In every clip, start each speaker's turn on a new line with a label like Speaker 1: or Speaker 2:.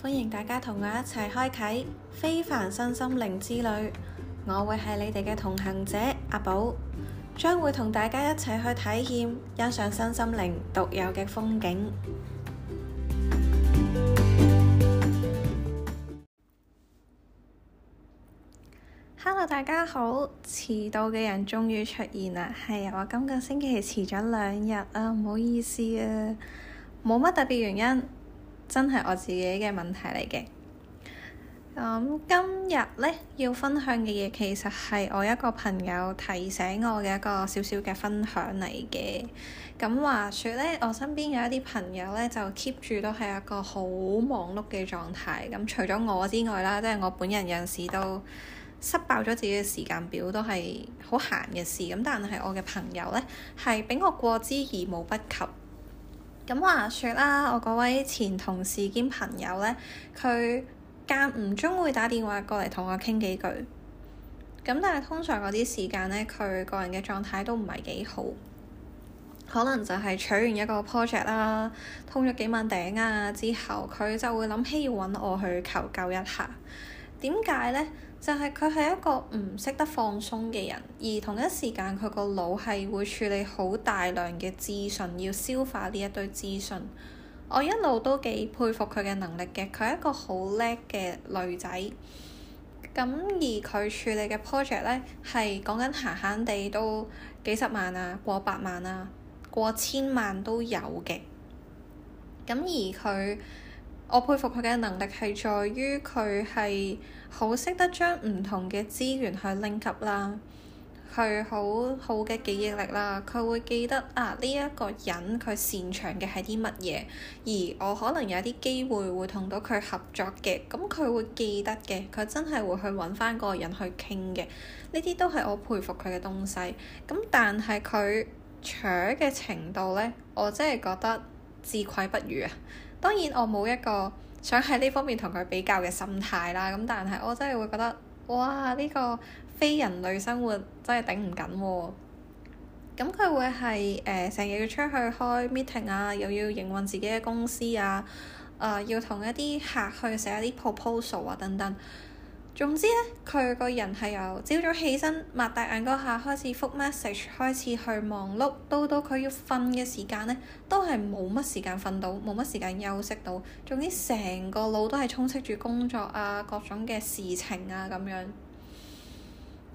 Speaker 1: 歡迎大家同我一齊開啟非凡身心靈之旅，我會係你哋嘅同行者阿寶，將會同大家一齊去體驗欣賞身心靈獨有嘅風景。Hello，大家好，遲到嘅人終於出現啦，係啊，我今個星期遲咗兩日啊，唔好意思啊，冇乜特別原因。真係我自己嘅問題嚟嘅。咁、嗯、今日呢，要分享嘅嘢，其實係我一個朋友提醒我嘅一個小小嘅分享嚟嘅。咁、嗯、話說呢，我身邊有一啲朋友呢，就 keep 住都係一個好忙碌嘅狀態。咁、嗯、除咗我之外啦，即係我本人有陣時都塞爆咗自己嘅時間表，都係好閒嘅事。咁但係我嘅朋友呢，係比我過之而無不及。咁話説啦，我嗰位前同事兼朋友呢，佢間唔中會打電話過嚟同我傾幾句。咁但係通常嗰啲時間呢，佢個人嘅狀態都唔係幾好，可能就係取完一個 project 啦，通咗幾晚頂啊之後，佢就會諗起要搵我去求救一下。點解呢？就係佢係一個唔識得放鬆嘅人，而同一時間佢個腦係會處理好大量嘅資訊，要消化呢一堆資訊。我一路都幾佩服佢嘅能力嘅，佢係一個好叻嘅女仔。咁而佢處理嘅 project 呢，係講緊閒閒地都幾十萬啊，過百萬啊，過千萬都有嘅。咁而佢。我佩服佢嘅能力係在於佢係好識得將唔同嘅資源去 link up 啦，佢好好嘅記憶力啦，佢會記得啊呢一、這個人佢擅長嘅係啲乜嘢，而我可能有啲機會會同到佢合作嘅，咁佢會記得嘅，佢真係會去揾翻嗰個人去傾嘅，呢啲都係我佩服佢嘅東西。咁但係佢扯嘅程度咧，我真係覺得自愧不如啊！當然我冇一個想喺呢方面同佢比較嘅心態啦，咁但係我真係會覺得，哇呢、呢個非人類生活真係頂唔緊喎、啊。咁佢會係誒成日要出去開 meeting 啊，又要營運自己嘅公司啊，誒、呃、要同一啲客去寫一啲 proposal 啊等等。總之咧，佢個人係由朝早起身，擘大眼嗰下開始覆 message，開始去忙碌，到到佢要瞓嘅時間咧，都係冇乜時間瞓到，冇乜時間休息到。總之，成個腦都係充斥住工作啊，各種嘅事情啊咁樣。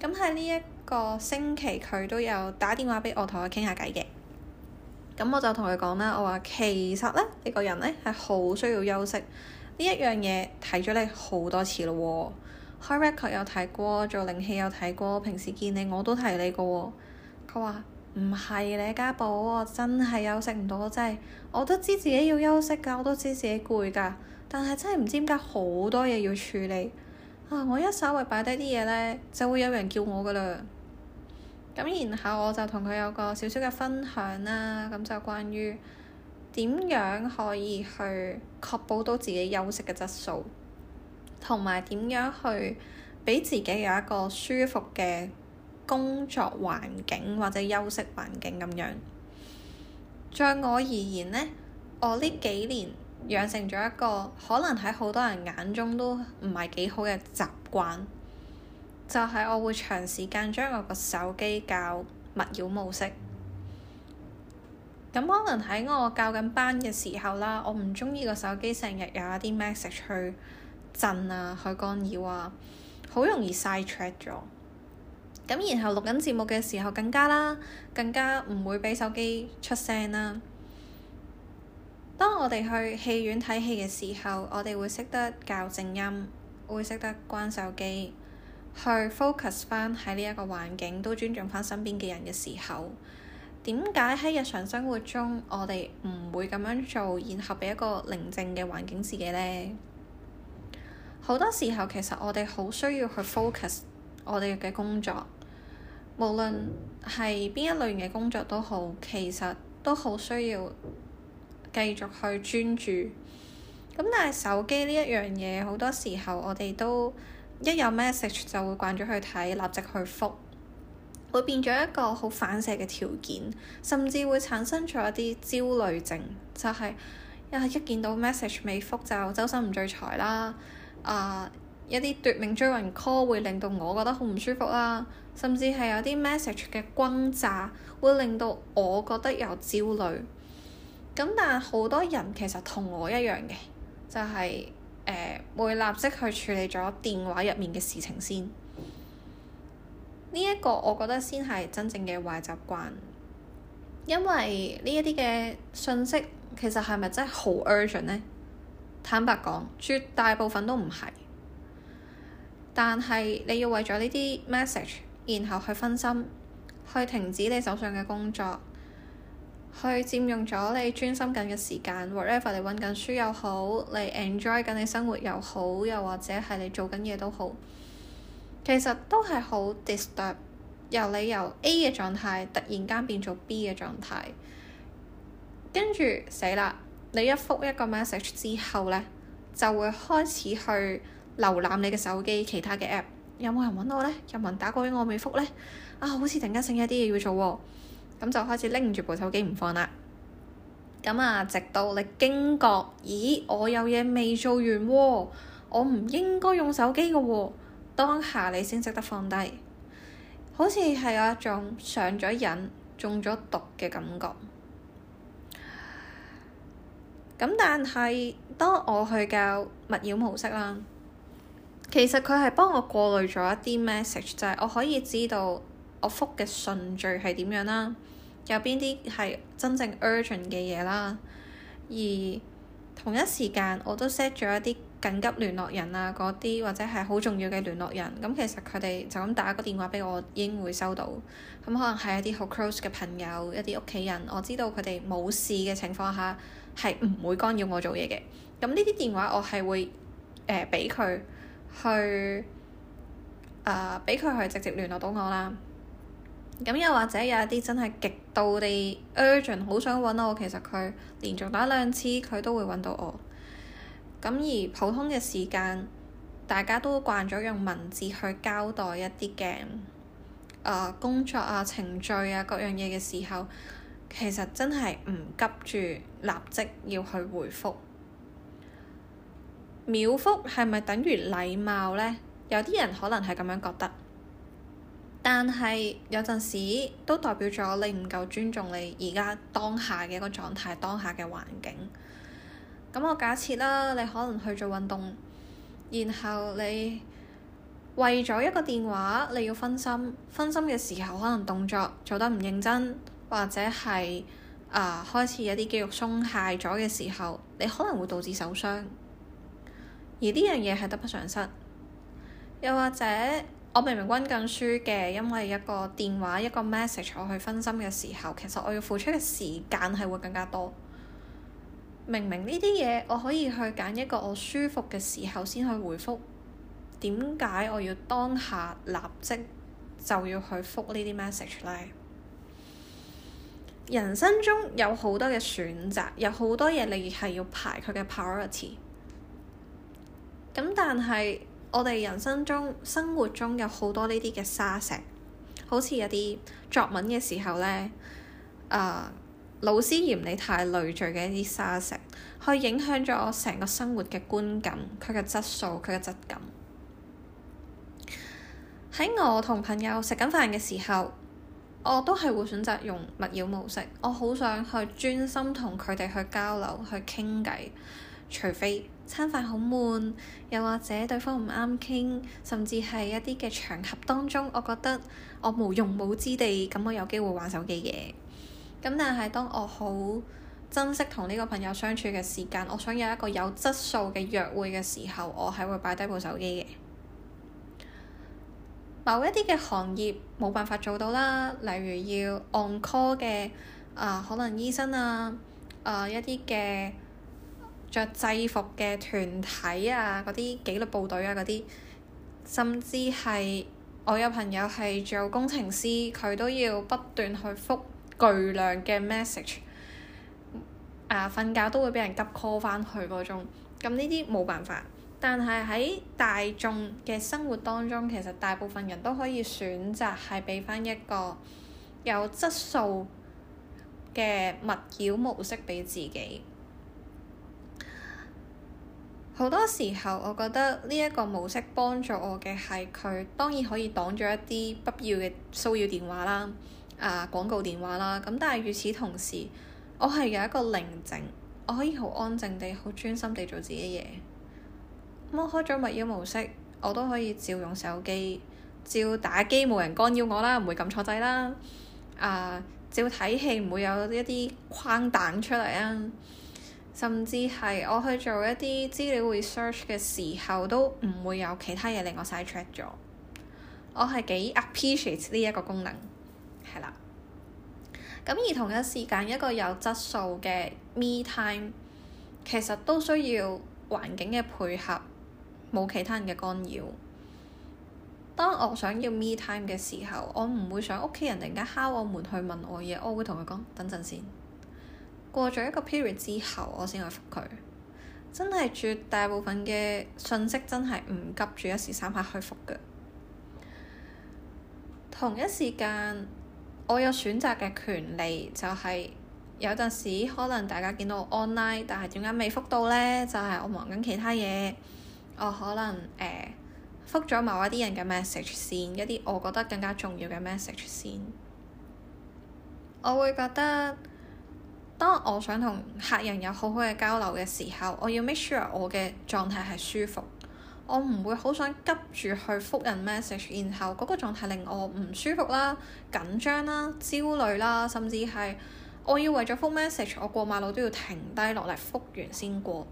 Speaker 1: 咁喺呢一個星期，佢都有打電話俾我，同我傾下偈嘅。咁我就同佢講啦，我話其實咧，你個人咧係好需要休息。呢一樣嘢睇咗你好多次咯喎。開 record 有睇過，做靈氣有睇過，平時見你我都提你個喎。佢話，唔係，你家寶，我真係休息唔到，真係。我都知自己要休息噶，我都知自己攰噶，但係真係唔知點解好多嘢要處理。啊！我一稍微擺低啲嘢呢，就會有人叫我噶啦。咁然後我就同佢有個少少嘅分享啦，咁就關於點樣可以去確保到自己休息嘅質素。同埋點樣去俾自己有一個舒服嘅工作環境或者休息環境咁樣。在我而言呢，我呢幾年養成咗一個可能喺好多人眼中都唔係幾好嘅習慣，就係、是、我會長時間將我個手機較勿擾模式。咁可能喺我教緊班嘅時候啦，我唔中意個手機成日有一啲 message 去。震啊，去干擾啊，好容易晒出咗。咁然後錄緊節目嘅時候更加啦，更加唔會畀手機出聲啦。當我哋去戲院睇戲嘅時候，我哋會識得校靜音，會識得關手機，去 focus 翻喺呢一個環境，都尊重返身邊嘅人嘅時候。點解喺日常生活中我哋唔會咁樣做，然後俾一個寧靜嘅環境自己呢？好多時候，其實我哋好需要去 focus 我哋嘅工作，無論係邊一類型嘅工作都好，其實都好需要繼續去專注。咁但係手機呢一樣嘢，好多時候我哋都一有 message 就會慣咗去睇，立即去覆，會變咗一個好反射嘅條件，甚至會產生咗一啲焦慮症，就係一見到 message 未覆，就周身唔聚財啦。啊！Uh, 一啲奪命追魂 call 會令到我覺得好唔舒服啦、啊，甚至係有啲 message 嘅轟炸，會令到我覺得有焦慮。咁但係好多人其實同我一樣嘅，就係、是、誒、呃、會立即去處理咗電話入面嘅事情先。呢、這、一個我覺得先係真正嘅壞習慣，因為呢一啲嘅信息其實係咪真係好 urgent 呢？坦白講，絕大部分都唔係。但係你要為咗呢啲 message，然後去分心，去停止你手上嘅工作，去佔用咗你專心緊嘅時間，whatever 你揾緊書又好，你 enjoy 緊你生活又好，又或者係你做緊嘢都好，其實都係好 disturb，由你由 A 嘅狀態突然間變做 B 嘅狀態，跟住死啦～你一覆一個 message 之後呢，就會開始去瀏覽你嘅手機其他嘅 app，有冇人揾我呢？有冇人打過俾我未覆呢？啊，好似突然間醒一啲嘢要做喎、哦，咁就開始拎住部手機唔放啦。咁啊，直到你驚覺，咦，我有嘢未做完喎、哦，我唔應該用手機嘅喎、哦，當下你先識得放低，好似係有一種上咗癮、中咗毒嘅感覺。咁但係當我去教勿擾模式啦，其實佢係幫我過濾咗一啲 message，就係我可以知道我覆嘅順序係點樣啦，有邊啲係真正 urgent 嘅嘢啦。而同一時間我都 set 咗一啲緊急聯絡人啊，嗰啲或者係好重要嘅聯絡人。咁其實佢哋就咁打個電話俾我，已經會收到。咁可能係一啲好 close 嘅朋友，一啲屋企人，我知道佢哋冇事嘅情況下。係唔會干擾我做嘢嘅，咁呢啲電話我係會誒俾佢去啊，呃、俾佢去直接聯絡到我啦。咁又或者有一啲真係極度地 urgent，好想揾我，其實佢連續打兩次佢都會揾到我。咁而普通嘅時間，大家都慣咗用文字去交代一啲嘅啊工作啊程序啊各樣嘢嘅時候。其實真係唔急住立即要去回覆。秒覆係咪等於禮貌呢？有啲人可能係咁樣覺得，但係有陣時都代表咗你唔夠尊重你而家當下嘅一個狀態，當下嘅環境。咁我假設啦，你可能去做運動，然後你為咗一個電話你要分心，分心嘅時候可能動作做得唔認真。或者係啊，開始有啲肌肉鬆懈咗嘅時候，你可能會導致手傷。而呢樣嘢係得不償失。又或者我明明温緊書嘅，因為一個電話一個 message 我去分心嘅時候，其實我要付出嘅時間係會更加多。明明呢啲嘢我可以去揀一個我舒服嘅時候先去回覆，點解我要當下立即就要去覆呢啲 message 呢？人生中有好多嘅選擇，有好多嘢你係要排佢嘅 priority。咁但係我哋人生中、生活中有好多呢啲嘅沙石，好似有啲作文嘅時候咧，誒、呃、老師嫌你太累贅嘅一啲沙石，去影響咗我成個生活嘅觀感，佢嘅質素、佢嘅質感。喺我同朋友食緊飯嘅時候，我都係會選擇用勿擾模式，我好想去專心同佢哋去交流去傾偈，除非餐飯好悶，又或者對方唔啱傾，甚至係一啲嘅場合當中，我覺得我無用武之地，咁我有機會玩手機嘅。咁但係當我好珍惜同呢個朋友相處嘅時間，我想有一個有質素嘅約會嘅時候，我係會擺低部手機嘅。某一啲嘅行業冇辦法做到啦，例如要 on call 嘅啊、呃，可能醫生啊，啊、呃、一啲嘅着制服嘅團體啊，嗰啲紀律部隊啊嗰啲，甚至係我有朋友係做工程師，佢都要不斷去覆巨量嘅 message，啊瞓、呃、覺都會俾人急 call 翻去嗰種，咁呢啲冇辦法。但係喺大眾嘅生活當中，其實大部分人都可以選擇係俾翻一個有質素嘅勿擾模式俾自己。好多時候，我覺得呢一個模式幫助我嘅係佢當然可以擋咗一啲不要嘅騷擾電話啦、啊廣告電話啦。咁但係與此同時，我係有一個寧靜，我可以好安靜地、好專心地做自己嘢。摸開咗勿擾模式，我都可以照用手機，照打機，冇人干擾我啦，唔會撳錯掣啦、呃。照睇戲唔會有一啲框彈出嚟啊。甚至係我去做一啲資料 research 嘅時候，都唔會有其他嘢令我晒 i 咗。我係幾 appreciate 呢一個功能，係啦。咁而同一時間，一個有質素嘅 me time 其實都需要環境嘅配合。冇其他人嘅干擾。當我想要 me time 嘅時候，我唔會想屋企人突然間敲我門去問我嘢，我會同佢講等陣先。過咗一個 period 之後，我先去復佢。真係絕大部分嘅信息真係唔急住一時三刻去復嘅。同一時間，我有選擇嘅權利就係有陣時可能大家見到我 online，但係點解未復到呢？就係我忙緊其他嘢。我可能誒覆咗某一啲人嘅 message 先，一啲我覺得更加重要嘅 message 先。我會覺得當我想同客人有好好嘅交流嘅時候，我要 make sure 我嘅狀態係舒服。我唔會好想急住去覆人 message，然後嗰個狀態令我唔舒服啦、緊張啦、焦慮啦，甚至係我要為咗覆 message，我過馬路都要停低落嚟覆完先過。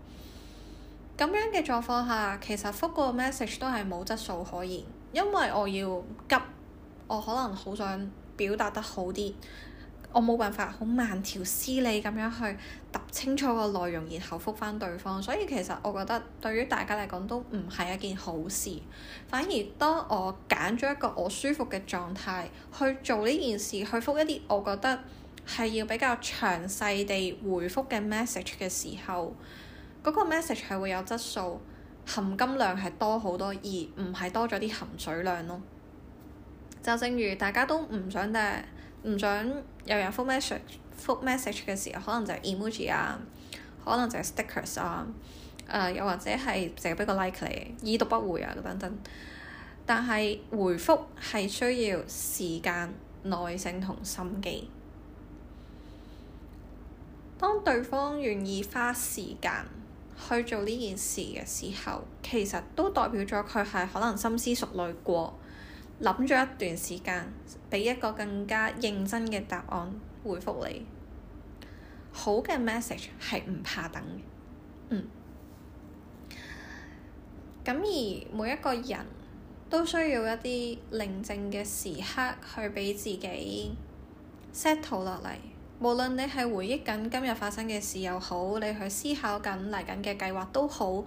Speaker 1: 咁樣嘅狀況下，其實覆個 message 都係冇質素可言，因為我要急，我可能好想表達得好啲，我冇辦法好慢條斯理咁樣去揼清楚個內容，然後覆返對方。所以其實我覺得對於大家嚟講都唔係一件好事。反而當我揀咗一個我舒服嘅狀態去做呢件事，去覆一啲我覺得係要比較詳細地回覆嘅 message 嘅時候。嗰個 message 係會有質素，含金量係多好多，而唔係多咗啲含水量咯。就正如大家都唔想嗲，唔想有人覆 message 覆 message 嘅時候，可能就係 emoji 啊，可能就係 stickers 啊、呃，又或者係成日俾個 like 你，已讀不回啊等等。但係回覆係需要時間、耐性同心機。當對方願意花時間，去做呢件事嘅時候，其實都代表咗佢係可能深思熟慮過，諗咗一段時間，俾一個更加認真嘅答案回覆你。好嘅 message 係唔怕等嘅，嗯。咁而每一個人都需要一啲寧靜嘅時刻去俾自己 settle 落嚟。無論你係回憶緊今日發生嘅事又好，你去思考緊嚟緊嘅計劃都好，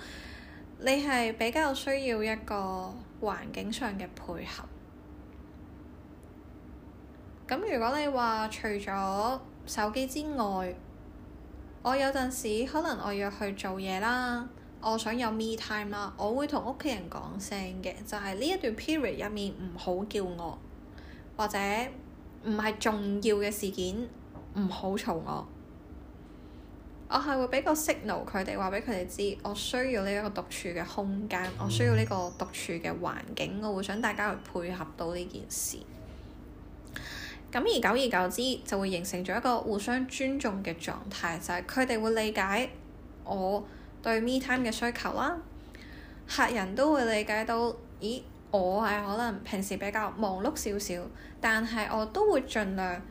Speaker 1: 你係比較需要一個環境上嘅配合。咁如果你話除咗手機之外，我有陣時可能我要去做嘢啦，我想有 me time 啦，我會同屋企人講聲嘅，就係呢一段 period 入面唔好叫我，或者唔係重要嘅事件。唔好嘈我，我係會俾個 signal 佢哋，話俾佢哋知，我需要呢一個獨處嘅空間，嗯、我需要呢個獨處嘅環境，我會想大家去配合到呢件事。咁而久而久之，就會形成咗一個互相尊重嘅狀態，就係佢哋會理解我對 me time 嘅需求啦。客人都會理解到，咦，我係可能平時比較忙碌少少，但係我都會盡量。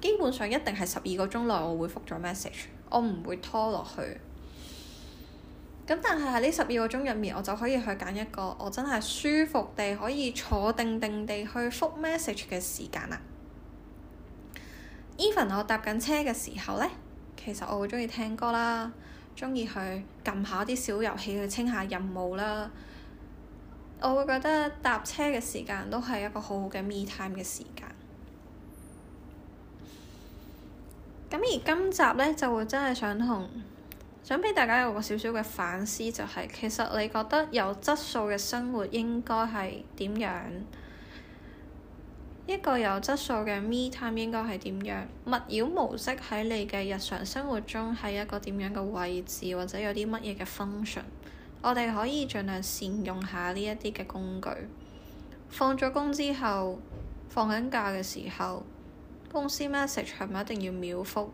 Speaker 1: 基本上一定係十二個鐘內我，我會覆咗 message，我唔會拖落去。咁但係喺呢十二個鐘入面，我就可以去揀一個我真係舒服地可以坐定定地去覆 message 嘅時間啦。Even 我搭緊車嘅時候呢，其實我會鍾意聽歌啦，鍾意去撳下啲小遊戲去清下任務啦。我會覺得搭車嘅時間都係一個好好嘅 me time 嘅時間。咁而今集咧，就會真係想同想俾大家有個少少嘅反思，就係、是、其實你覺得有質素嘅生活應該係點樣？一個有質素嘅 Me Time 應該係點樣？勿擾模式喺你嘅日常生活中係一個點樣嘅位置，或者有啲乜嘢嘅 function？我哋可以盡量善用下呢一啲嘅工具。放咗工之後，放緊假嘅時候。公司 message 係咪一定要秒覆？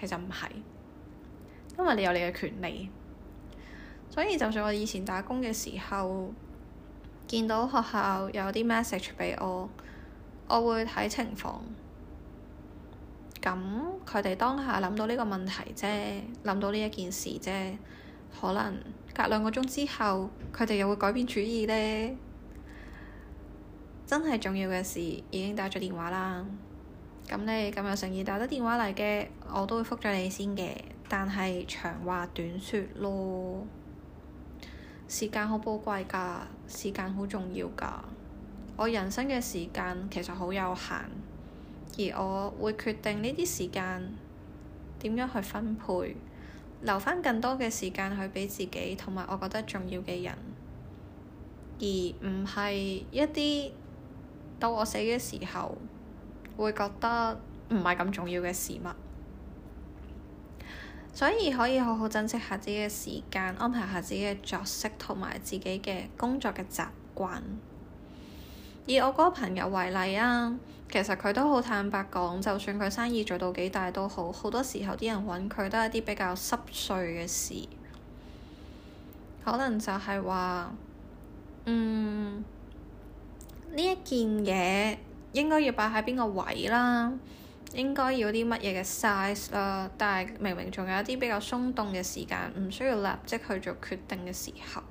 Speaker 1: 其實唔係，因為你有你嘅權利。所以就算我以前打工嘅時候見到學校有啲 message 俾我，我會睇情況。咁佢哋當下諗到呢個問題啫，諗到呢一件事啫，可能隔兩個鐘之後佢哋又會改變主意呢。真係重要嘅事已經打咗電話啦。咁你咁有誠意打咗電話嚟嘅，我都會覆咗你先嘅。但係長話短說咯，時間好寶貴㗎，時間好重要㗎。我人生嘅時間其實好有限，而我會決定呢啲時間點樣去分配，留翻更多嘅時間去俾自己同埋我覺得重要嘅人，而唔係一啲到我死嘅時候，會覺得唔係咁重要嘅事物，所以可以好好珍惜下自己嘅時間，安排下自己嘅作息同埋自己嘅工作嘅習慣。以我嗰個朋友為例啊，其實佢都好坦白講，就算佢生意做到幾大都好，好多時候啲人揾佢都係啲比較濕碎嘅事，可能就係話，嗯，呢一件嘢，應該要擺喺邊個位啦，應該要啲乜嘢嘅 size 啦，但係明明仲有一啲比較鬆動嘅時間，唔需要立即去做決定嘅時候，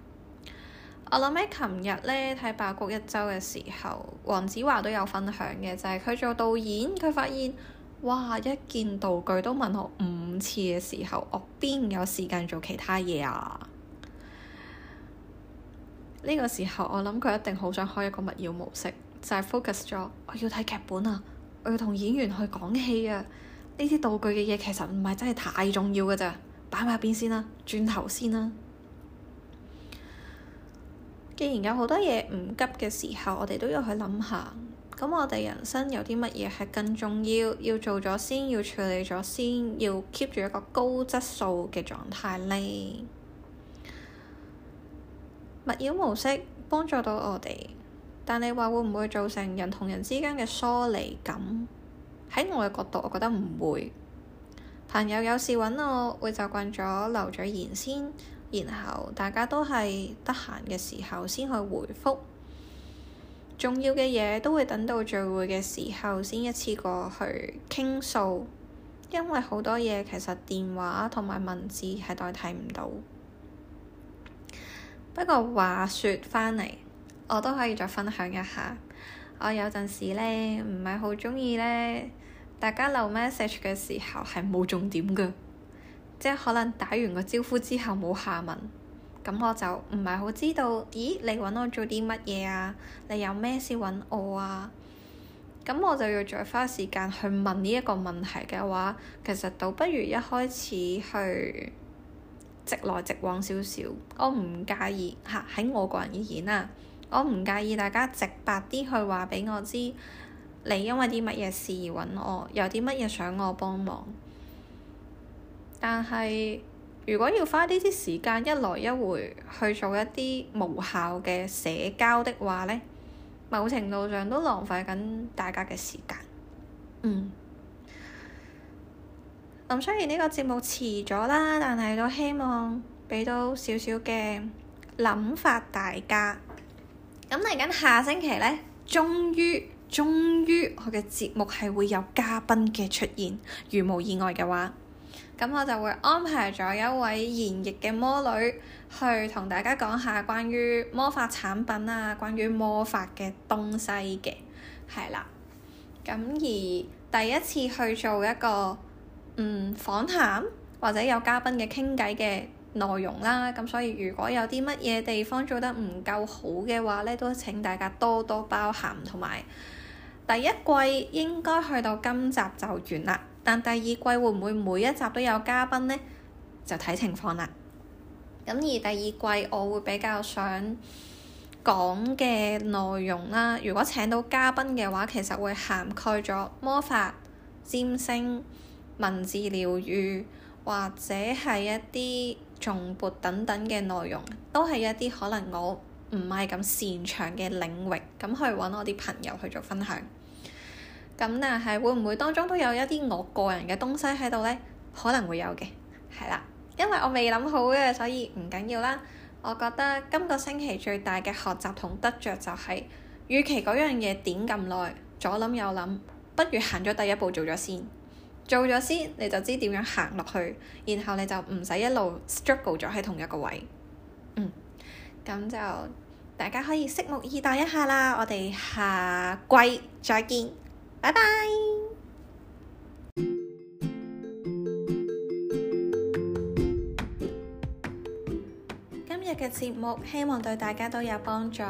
Speaker 1: 我諗起琴日咧睇《爆谷一周》嘅時候，黃子華都有分享嘅，就係、是、佢做導演，佢發現哇一件道具都問我五次嘅時候，我邊有時間做其他嘢啊？呢、這個時候我諗佢一定好想開一個勿擾模式。就係 focus 咗，我要睇劇本啊，我要同演員去講戲啊。呢啲道具嘅嘢其實唔係真係太重要嘅咋，擺埋一邊先啦，轉頭先啦。既然有好多嘢唔急嘅時候，我哋都要去諗下，咁我哋人生有啲乜嘢係更重要，要做咗先，要處理咗先，要 keep 住一個高質素嘅狀態呢，勿擾模式幫助到我哋。但你話會唔會造成人同人之間嘅疏離感？喺我嘅角度，我覺得唔會。朋友有事揾我，會習慣咗留咗言先，然後大家都係得閒嘅時候先去回覆。重要嘅嘢都會等到聚會嘅時候先一次過去傾訴，因為好多嘢其實電話同埋文字係代替唔到。不過話說返嚟。我都可以再分享一下。我有陣時咧，唔係好鍾意咧，大家留 message 嘅時候係冇重點嘅，即係可能打完個招呼之後冇下文，咁我就唔係好知道，咦，你搵我做啲乜嘢啊？你有咩事搵我啊？咁我就要再花時間去問呢一個問題嘅話，其實倒不如一開始去直來直往少少。我唔介意吓，喺我個人而言啊。我唔介意大家直白啲去話畀我知，你因為啲乜嘢事而搵我，有啲乜嘢想我幫忙。但係如果要花啲啲時間一來一回去做一啲無效嘅社交的話呢，某程度上都浪費緊大家嘅時間。嗯。咁，嗯，雖然呢個節目遲咗啦，但係都希望畀到少少嘅諗法大家。咁嚟緊下星期咧，終於，終於我嘅節目係會有嘉賓嘅出現，如無意外嘅話，咁我就會安排咗一位現役嘅魔女去同大家講下關於魔法產品啊，關於魔法嘅東西嘅，係啦。咁而第一次去做一個嗯訪談或者有嘉賓嘅傾偈嘅。內容啦，咁所以如果有啲乜嘢地方做得唔夠好嘅話呢都請大家多多包涵。同埋第一季應該去到今集就完啦，但第二季會唔會每一集都有嘉賓呢？就睇情況啦。咁而第二季我會比較想講嘅內容啦，如果請到嘉賓嘅話，其實會涵蓋咗魔法、占星、文字療愈或者係一啲。重播等等嘅內容，都係一啲可能我唔係咁擅長嘅領域，咁去揾我啲朋友去做分享。咁但係會唔會當中都有一啲我個人嘅東西喺度呢？可能會有嘅，係啦，因為我未諗好嘅，所以唔緊要啦。我覺得今個星期最大嘅學習同得着，就係，就係與其嗰樣嘢點咁耐，左諗右諗，不如行咗第一步做咗先。做咗先，你就知點樣行落去，然後你就唔使一路 struggle 咗喺同一個位。嗯，咁就大家可以拭目以待一下啦。我哋下季再見，拜拜。今日嘅節目希望對大家都有幫助，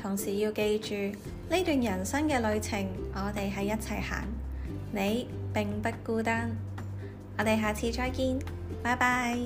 Speaker 1: 同時要記住，呢段人生嘅旅程，我哋係一齊行你，並不孤單，我哋下次再見，拜拜。